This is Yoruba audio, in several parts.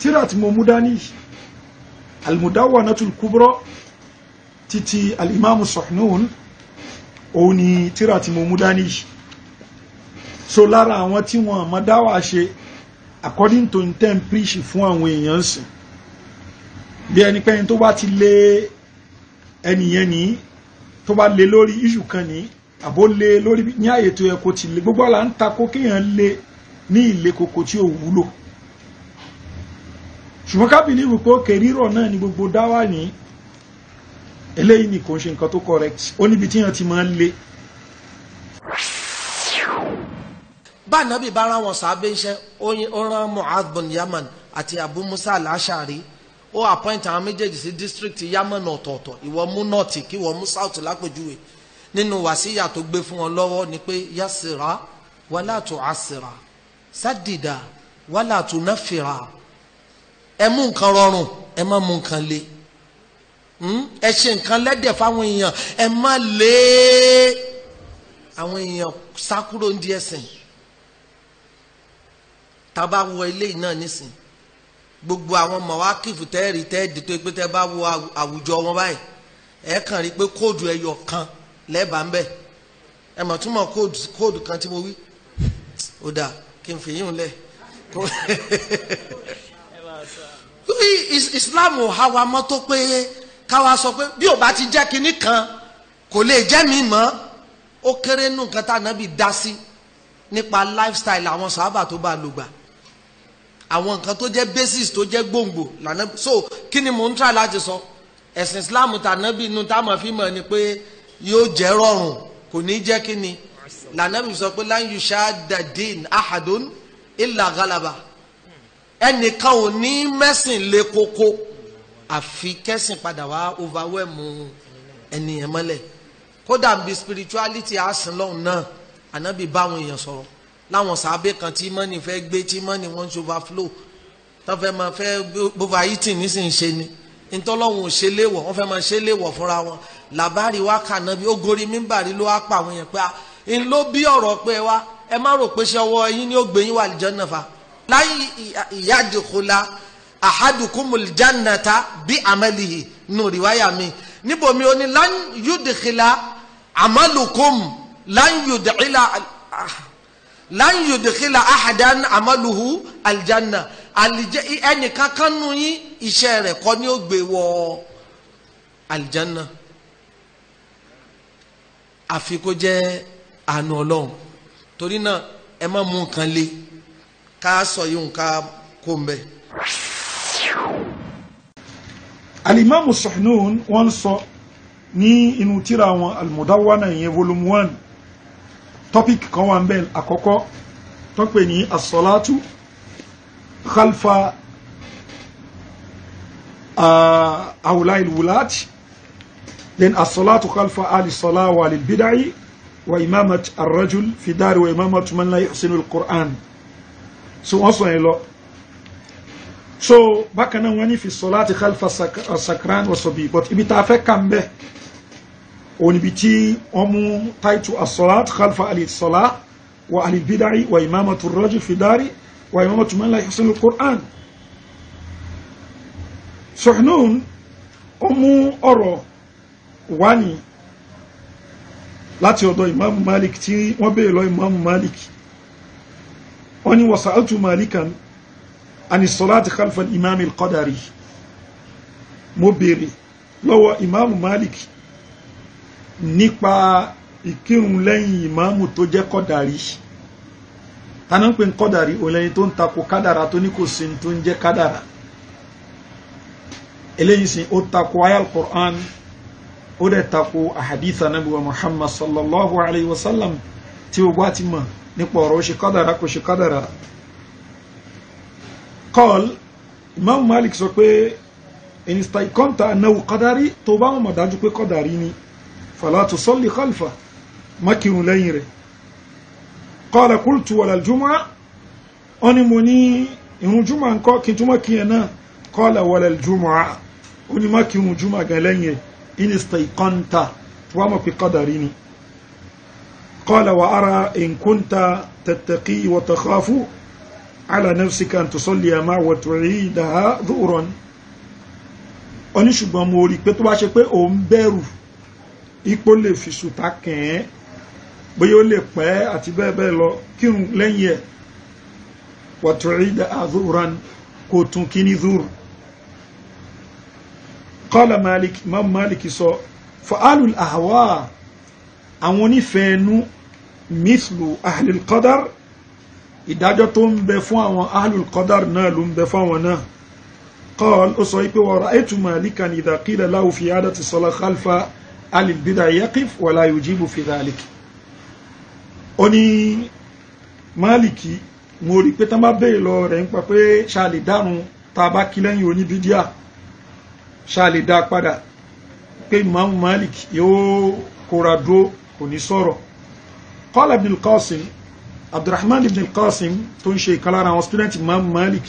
tíra tí mo mú dání al-Mudawwanatul Kubra títí al-Imam Sahnun òun ni tíra tí mo so lára àwọn tí wọ́n mọ̀ dáwà ṣe according to intent preach fún àwọn èèyàn sìn bí ẹni pẹ́ni tó bá ti lé ẹnìyẹn ní tó bá lé lórí iṣu kan ní àbó lé lórí ní àyètò ẹ̀kọ́ ti lé gbogbo àlà ń takò kéèyàn lé ní ìlé koko tí ò wúlò ṣùgbọ́n ká bìlíìfù pé òkè rírọ̀ náà ni gbogbo dáwà ní eléyìí ni kò ń ṣe nǹkan tó correct ó níbi tí yàn ti máa ń le. bá nàbì bá ara wọn sábẹ́ iṣẹ́ ó rán bin Yaman àti Abu Musa al-Ash'ari ó appoint àwọn méjèèjì sí district Yaman ọ̀tọ̀ọ̀tọ̀ ìwọ mú north kí ìwọ mú south lápèjúwe nínú wàsíyà tó gbé fún wọn lọ́wọ́ ni pé yasira wàlá tu asira sadida wàlá tu nafira ẹ mú nǹkan rọrùn ẹ má mú nǹkan le hmm? ẹ ṣe nǹkan lẹ́dẹ̀ fáwọn èèyàn ẹ má lé àwọn èèyàn sákúrò ń di ẹ̀sìn tábà wọ eléyìí náà nísìn gbogbo àwọn mọ̀wákìfù tẹ́ẹ̀rì tẹ́ẹ̀dì tó pé tẹ́ bá wo àwùjọ wọn báyìí ẹ kàn rí pé kóòdù ẹyọ kan lẹ́bàá ń bẹ̀ ẹ mọ̀ túmọ̀ kóòdù kan tí mo wí ó dáa kí n fìyìn lẹ̀ kó. Islam ò ha wa mọ́ tó pé káwa sọ pé bí ò bá ti jẹ́ kinní kan kò lè jẹ́ mi mọ́ ó kéré nù nǹkan tá ànábì dá sí nípa lifestyle àwọn sàábà tó bá lùgbà àwọn nǹkan tó jẹ́ basis tó jẹ́ gbòǹgbò lànà so kí ni mò ń try láti sọ ẹ̀sìn Islam tànábì inú táwọn fi mọ̀ ni pé yóò jẹ́ rọrùn kò ní jẹ́ kí ni lànà bí sọ pé lan yushadda din ahadun illa galaba ẹnìkan ò ní mẹ́sìn lé koko àfi kẹ́sìn padà wá overwhelm ẹnìyẹn mọ́lẹ̀ kódà bí spirituality àsìn lọ́hùn náà ànábì báwọn èèyàn sọ̀rọ̀ láwọn sàábé kan tí mọ́nì fẹ́ gbé tí mọ́nì wọ́n ń ṣe overflow tó fẹ́ máa fẹ́ overheating nísìnyí ṣe ni ntọ́lọ́hún ò ṣe léwọ̀ wọ́n fẹ́ máa ṣe léwọ̀ fúnra wọn làbárí wa kà náà bí ó gorí mímbàrí ló wá pa àwọn èèyàn pé à ah, ń ló bí ọ̀rọ̀ pé wa ẹ má rò pé ṣe ọwọ́ ẹyin ni ó gbé wà lìjọ́ náà fa lan yadkhula ahadukumul jannata bi amalihi nù rìwáyà mi níbomi ó ní lan yudkhila amalukum lan yudkhila ah, lan yudkhila ahadan amaluhu aljanna alijẹ ẹnìkan kan nu yín iṣẹ́ rẹ̀ kọ́ ni ó gbé wọ aljanna àfi jẹ́ àánú Ọlọ́run torí náà ẹ má mú nǹkan le ká sọ yìí ká kó ń bẹ. alimami Suhnun wọ́n sọ ní inú tíra wọn almudawana yẹn volume one topic kan wà ń bẹ àkọ́kọ́ tó pè ní asọ́látú khalfa uh, wulati then asọ́látú khalfa alisọ́lá wa alibidai wa imamat arrajul fi wa imamat man la yuhsinu so wọ́n sọ yẹn lọ so bákan náà wọ́n ní fi solati khalfa sakran wa sabi but ibi tá a fẹ́ kà ń bẹ́ òun ibi tí wọ́n mú taitu as-solat khalfa al-sola wa al-bidai wa imamatu ar-rajul fi dari wa imamatu man la yuhsinu al-Qur'an mú ọ̀rọ̀ wá láti ọ̀dọ̀ Imam Malik tí wọ́n béèrè lọ Imam Malik wọ́n ní wasa'atu malikan ani salati khalfa imam al-qadari mo béèrè lọ́wọ́ imam malik nípa ìkírun lẹ́yìn imam tó jẹ́ qadari tani ń pè ń kọ́dàrí olẹ́yìn tó ń takò kádàrà tó ní kò sí tó ń jẹ́ kádàrà eléyìí sin ó takò ayal Qur'an ó dẹ̀ takò ahadith anabi Muhammad sallallahu alayhi wa sallam tí o gbá ti mọ̀ nípa ọ̀rọ̀ ó ṣe kádàrá kò ṣe kádàrá kọ́l imam malik sọ pé inista kọ́ńtà anáwó kádàrí tó bá wọn mọ̀ dájú pé kádàrí ni fala tusalli khalfa mákìrún lẹ́yìn rẹ̀ kọ́lá kúlùtù wàlá jùmọ́ wọn ni mo ní irun jùmọ́ nǹkan kí n túmọ̀ kí yẹn náà kọ́lá wàlá jùmọ́ ó ní mákìrún jùmọ́ gan lẹ́yìn rẹ̀ inista kọ́ńtà tó bá mọ̀ pé kádàrí ni. قال وأرى إن كنت تتقي وتخاف على نفسك أن تصلي معه وتعيدها ظهرا ó ní ṣùgbọ́n mo rí i pé tó bá ṣe pé òun bẹ̀rù ipò lè fi ṣùtà kàn án bóyá ó lè pẹ́ àti bẹ́ẹ̀ bẹ́ẹ̀ lọ kírun lẹ́yìn ẹ̀ wàtúrídà àdúrán kò tún kí ní dúró kọ́lá malik imam malik sọ fa'alul ahwa àwọn onífẹ̀ẹ́nu mithlu ahlil qadar ìdájọ́ tó ń bẹ fún àwọn ahlul qadar náà ló ń bẹ fún àwọn náà قال أصيب ورأيت مالكا إذا قيل له في عادة الصلاة خلف أهل البدع يقف ولا يجيب في ذلك ó ní Málíkì mo rí pé tán bá béèrè lọ rẹ̀ ń pa pé ṣàlè dárun tá a bá kí lẹ́yìn oníbídíà ṣàlè dá padà pé ìmáàmù Málíkì yóò kóra dúró kò ní qala ibn al-qasim abdulrahman ibn al-qasim tó ń ṣe ìkan lára àwọn student imam malik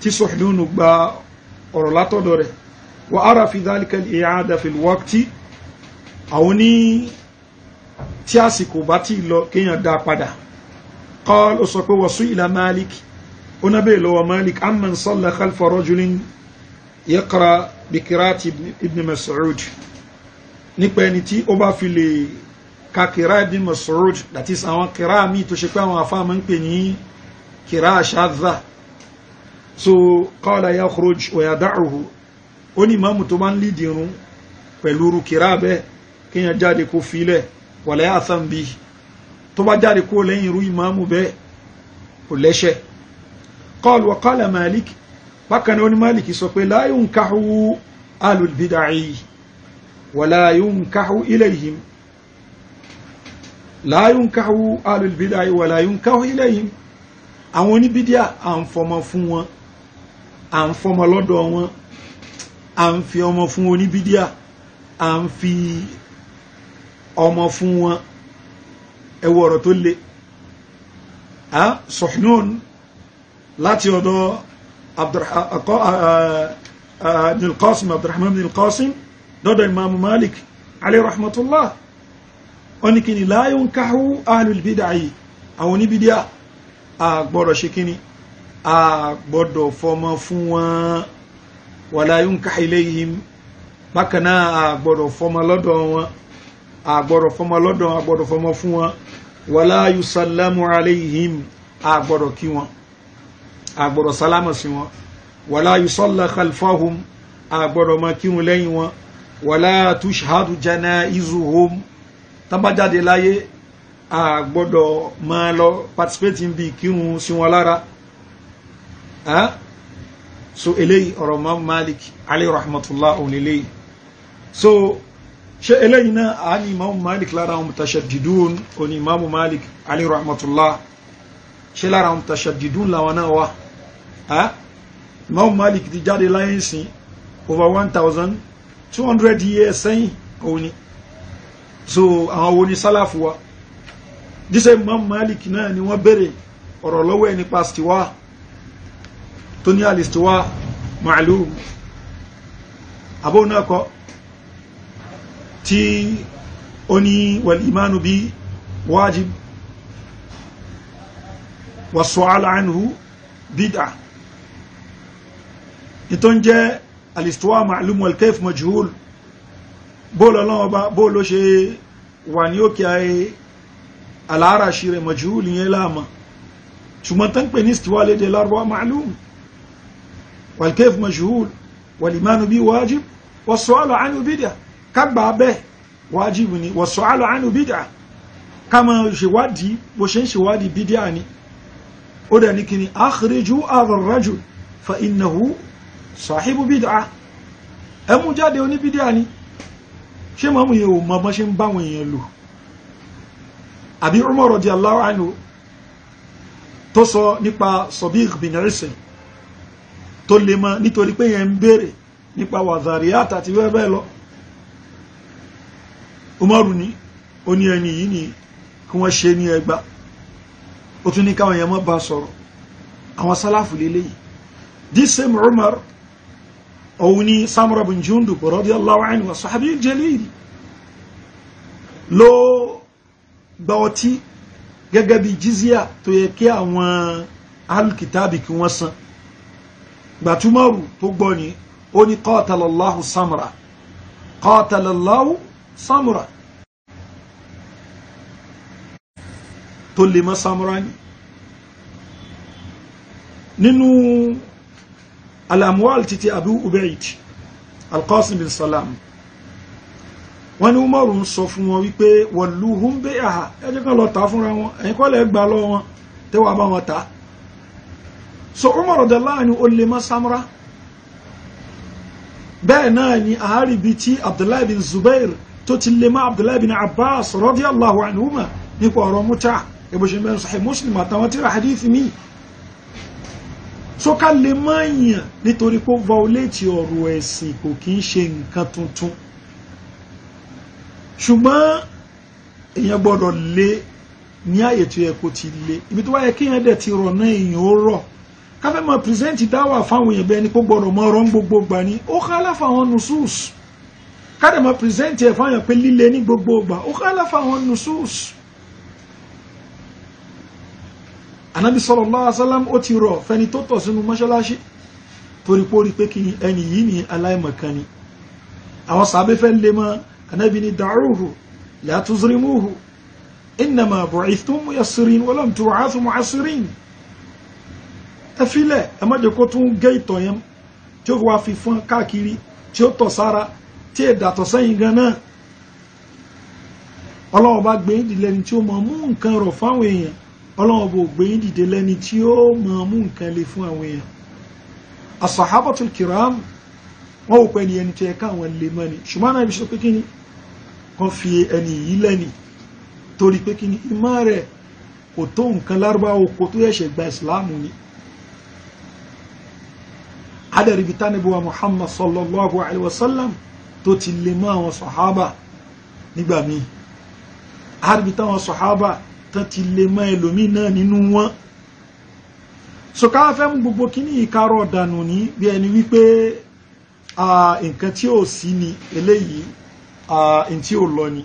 tí Suhnun gba ọ̀rọ̀ látọ̀dọ̀ rẹ̀ wa ara fi dhalika al-i'ada fil waqti àwọn ní tí àsìkò bá ti lọ kéèyàn dá padà qala ó sọ pé wa su'ila malik ó nábẹ́ lọ́wọ́ malik amman salla khalfa rajulin yaqra bi qira'ati ibn mas'ud nípa ẹni tí ó bá fi lè ka kira ibn Mas'ud that is àwọn kira mi tó ṣe pé àwọn afá máa ń pè ní kira shadha so qala yakhruj wa yada'uhu ó ní ìmáàmù tó máa ń lì dìrún pẹ̀lú ru kira bẹ́ẹ̀ kéèyàn jáde kó filẹ̀ wala ya'tham tó bá jáde kó lẹ́yìn irú ìmáàmù bẹ́ẹ̀ kò lẹ́ṣẹ̀ qala wa Malik bákan náà ní Malik sọ pé la yunkahu alul bid'ah wala yunkahu ilayhim la yunkahu ahlul bid'ah wa la yunkahu ilayhim àwọn oníbídíà à ń fọmọ fún wọn à ń fọmọ lọ́dọ̀ wọn à ń fi ọmọ fún oníbídíà à ń fi ọmọ fún wọn ẹwọ ọ̀rọ̀ tó le Suhnun láti ọ̀dọ̀ Abdulqasim uh, uh, uh, Abdulrahman bin Qasim dọ́dọ̀ Imam Malik alayhi rahmatullah wọ́n ní kíni la yunkahu ahlul bid'ah àwọn oníbídíà àgbọ̀dọ̀ ṣe kíni àgbọ̀dọ̀ fọmọ fún wọn wala yunkahu ilayhim bákan náà àgbọ̀dọ̀ fọmọ lọ́dọ̀ wọn àgbọ̀dọ̀ fọmọ lọ́dọ̀ àgbọ̀dọ̀ fọmọ fún wọn wala yusallamu alayhim àgbọ̀dọ̀ kí wọn àgbọ̀dọ̀ sálámà sí wọn wala yusalla khalfahum àgbọ̀dọ̀ máa kírun lẹ́yìn wọn wala tushhadu janaizuhum tán bá jáde láyé a gbọ́dọ̀ máa lọ participate ń bi ìkírun sí wọn lára so eléyìí ọ̀rọ̀ mọ́ Malik alayhi rahmatullah òun eléyìí so ṣe eléyìí náà a ní imamu Malik lára àwọn mutashaddidun òní imamu Malik alayhi rahmatullah ṣe lára àwọn mutashaddidun làwọn náà wà imamu Malik ti jáde láyé sìn over one thousand two hundred years sẹ́yìn òun so àwọn wo ni sálàfù wa jíṣẹ́ Imam Malik náà ni wọ́n béèrè ọ̀rọ̀ lọ́wọ́ ẹ̀ nípa stiwa tó ní alistiwa ma'lum abóhùn náà kọ́ tí ó ní wal imanu bí wájib wa su'al anhu bid'ah ìtọ́ ń jẹ́ alistiwa ma'lum wal kayf majhul bóòlù ọlọ́wọ́ bá bóòlù ó ṣe wanioke aye al'arashi rẹ̀ majhul yẹn láàmà ṣùgbọ́n tán pè ní istiwa lédè lárúbá ma'lum walkef majhul walimanu bi wajib wasu'alu anu bid'a kagbà bẹ́ẹ̀ wajib ni wasu'alu anu bid'a kama ṣèwádìí bó ṣe ń ṣèwádìí bid'a ni ó dẹ̀ ní kí ni akhriju ar fa innahu sahibu bid'a ẹ jáde oní ni ṣé mọ́mú yẹn ò mọ́ bọ́n ṣe ń báwọn èèyàn lò àbí Umar radiyallahu anhu tó sọ nípa Sabiq bin Usayn tó lè mọ́ nítorí pé yẹn ń béèrè nípa wàzàríyàtà àti bẹ́ẹ̀ bẹ́ẹ̀ lọ Umaru ni ó ní ẹni yìí ni kí wọ́n ṣe ní ẹgbà ó tún ní káwọn yẹn mọ́ bá sọ̀rọ̀ àwọn sálàfù lélẹ́yìn this same Umar òun ni samura bin jundub radiyallahu anhu sahabi jalil ló gba ọtí gẹ́gẹ́ bí jizya tó yẹ kí àwọn alukitaabi kí wọ́n san gbàtúmọ̀rù tó gbọ́ ni ó ní qatalallahu samura qatalallahu samura tó lè mọ́ samura ni nínú alamuwal titi abu ubaid alqasim bin salam wọ́n ní umaru ń sọ fún wọn wípé wọ̀lú húnbẹ́ àhà ẹjẹ́ kan lọ ta fúnra wọn ẹ̀yin kọ́lẹ̀ gbà lọ wọn tẹ́wàá bá wọn ta so umaru radiyallahu anhu ó lè mọ́ samra bẹ́ẹ̀ náà ni àáríbi tí abdullahi bin zubair tó ti lè mọ́ abdullahi bin abbas radiyallahu anhuma nípa ọ̀rọ̀ múta ìbùsùn bẹ́ẹ̀ sahih muslim àtàwọn tíra hadithi míì so ká lè mọ́ èèyàn nítorí pé ó violate ọ̀rọ̀ ẹ̀sìn kò kì í ṣe nǹkan tuntun ṣùgbọ́n èèyàn gbọ́dọ̀ lé ní àyè tó yẹ kó ti lé ibi tó bá yẹ kéèyàn dẹ̀ ti rọ̀ náà èèyàn ó rọ̀ ká fẹ́ máa pírẹsẹ́ǹtì dáwà fáwọn èèyàn bẹ́ẹ̀ ni kó gbọ́dọ̀ mọ ọ̀rọ̀ ń gbogbo gbà ní ó ká láfàwọn nusus ká dẹ̀ máa pírẹsẹ́ǹtì ẹ̀ fáwọn èèyàn pé líle ní gbogbo gbà ó ká láfàwọn nusus. anabi sallallahu alaihi wasallam ó ti rọ̀ fẹni tó tọ̀ sínú mọ́ṣáláṣí torí pé ó rí pé kí ẹni yìí ni aláìmọ̀kan ni àwọn sàbẹ̀ fẹ́ lè mọ anabi ni da'uhu la tuzrimuhu innama bu'ithtum muyassirin wa lam tub'athu mu'assirin ẹ filẹ̀ ẹ má jẹ́ kó tún gé ìtọ̀ yẹn tí ó wá fi fún káàkiri tí ó tọ̀ sára tí ẹ dàtọ̀ sẹ́yìn gan ọlọ́wọ́ bá gbé ìdílé tí ó mọ̀ mú nǹkan rọ̀ fáwọn èèyàn ọlọ́run bò gbé yín dìde lẹ́ni tí ó máa mú nǹkan le fún àwọn èèyàn asahabatul kiram wọ́n wò pé ẹni ẹni tó yẹ káwọn lè mọ́ ni ṣùgbọ́n náà ibi ṣe pé kíni kan fi ẹni yìí lẹ́ni torí pé kíni imá rẹ̀ kò tó nǹkan lárúbáwò kò tó ẹ̀ṣẹ̀ gba ìsìláàmù ni adẹ̀rìbí tánibíwa muhammad sallallahu alaihi wasallam tó ti lè mọ́ àwọn sọ̀hábà nígbà míì adẹ̀rìbí táwọn sọ̀hábà tán ti lè mọ ẹlòmíì náà nínú wọn sọ̀ká fẹ́ mú gbogbo kíní ìkarọ̀ dànù ní bí ẹni wípé nǹkan tí ò sí ni eléyìí nǹkan ò lọ ni.